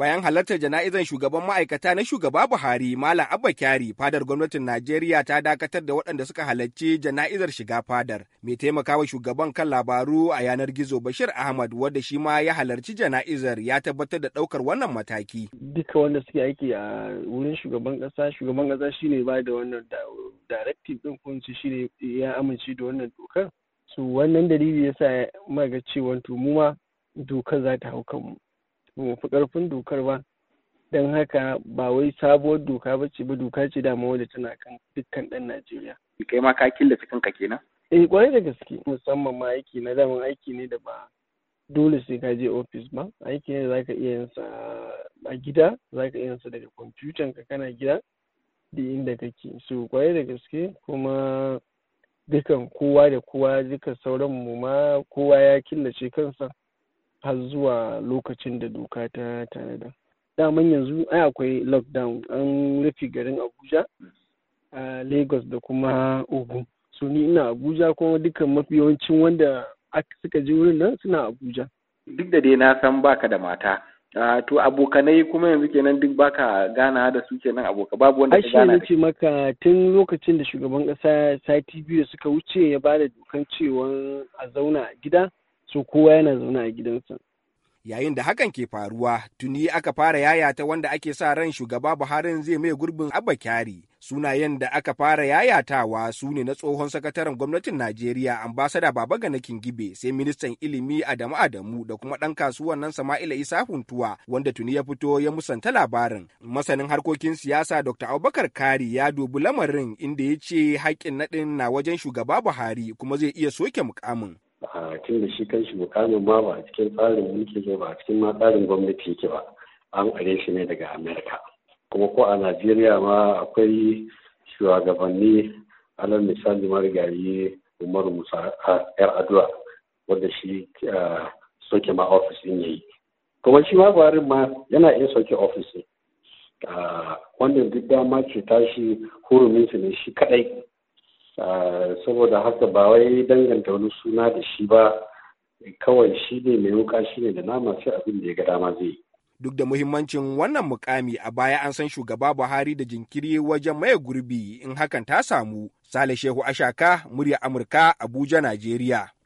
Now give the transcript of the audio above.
bayan halartar jana'izar shugaban ma'aikata na shugaba Buhari Malam Abba Kyari fadar gwamnatin Najeriya ta dakatar da waɗanda suka halarci jana'izar shiga fadar. Mai taimakawa shugaban kan labaru a yanar gizo Bashir Ahmad wanda shi ma ya halarci jana'izar ya tabbatar da ɗaukar wannan mataki. Duka wanda suke aiki a wurin shugaban ƙasa shugaban kasa shine ba da wannan directive ɗin ko shine ya amince da wannan dokar. So wannan dalili yasa muka ga cewa to mu ma dokar za ta hau kanmu. mu karfin dokar ba don haka ba wai sabuwar doka ba ce ba doka ce dama wadda tana kan dukkan ɗan Najeriya. Kai ma ka killace kanka kenan? Eh kwarai da gaske musamman ma aiki na daman aiki ne da ba dole sai ka je ofis ba aiki ne da zaka iya yin sa a gida zaka iya yin sa daga kwamfutan ka kana gida da inda kake so kwarai da gaske kuma dukan kowa da kowa duka sauran mu ma kowa ya killace kansa har zuwa lokacin da doka ta tanada daman yanzu ai akwai lockdown an rufe garin abuja a lagos da kuma ogun so ni ina abuja kuma dukkan mafi yawancin wanda suka je wurin nan suna abuja duk da dai na san baka da mata Uh, to abokanai kuma yanzu kenan duk baka gana da su kenan aboka babu wanda ka gana ce maka tun lokacin da shugaban kasa sati biyu da suka wuce ya bada dokan cewa a zauna a gida su kowa yana zaune a gidansa yayin da hakan ke faruwa tuni aka fara yayata wanda ake sa ran shugaba buhari zai mai gurbin abba kyari sunayen da aka fara yayatawa su ne na tsohon sakataren gwamnatin najeriya ambasada Baba ga babagana kingibe sai ministan ilimi adamu adamu da kuma ɗan kasuwan nan sama'ila isa huntuwa wanda tuni ya fito ya musanta labarin masanin harkokin siyasa dr abubakar kari ya dubi lamarin inda ya ce haƙƙin naɗin na wajen shugaba buhari kuma zai iya soke mukamin a da shi kanshi mukamin ma ba a cikin tsarin mulki ke ba a cikin ma tsarin gwamnati yake ba an are shi ne daga amerika kuma ko a najeriya ma akwai shugabanni alal misali marigayi umar musa yar adua wanda shi soke ma ofis ya yayi kuma shi ma buhari ma yana iya soke ofis ne. wannan duk dama ce tashi hurumin su ne shi kadai Eh, saboda haka ba wai danganta wani suna da shi ba kawai shi ne mai wuka shi ne da nama sai abin da ya ga dama zai yi duk da muhimmancin wannan mukami a baya an san shugaba Buhari da jinkiri wajen maye gurbi in hakan ta samu. Sale Shehu Ashaka, murya Amurka, Abuja, Najeriya.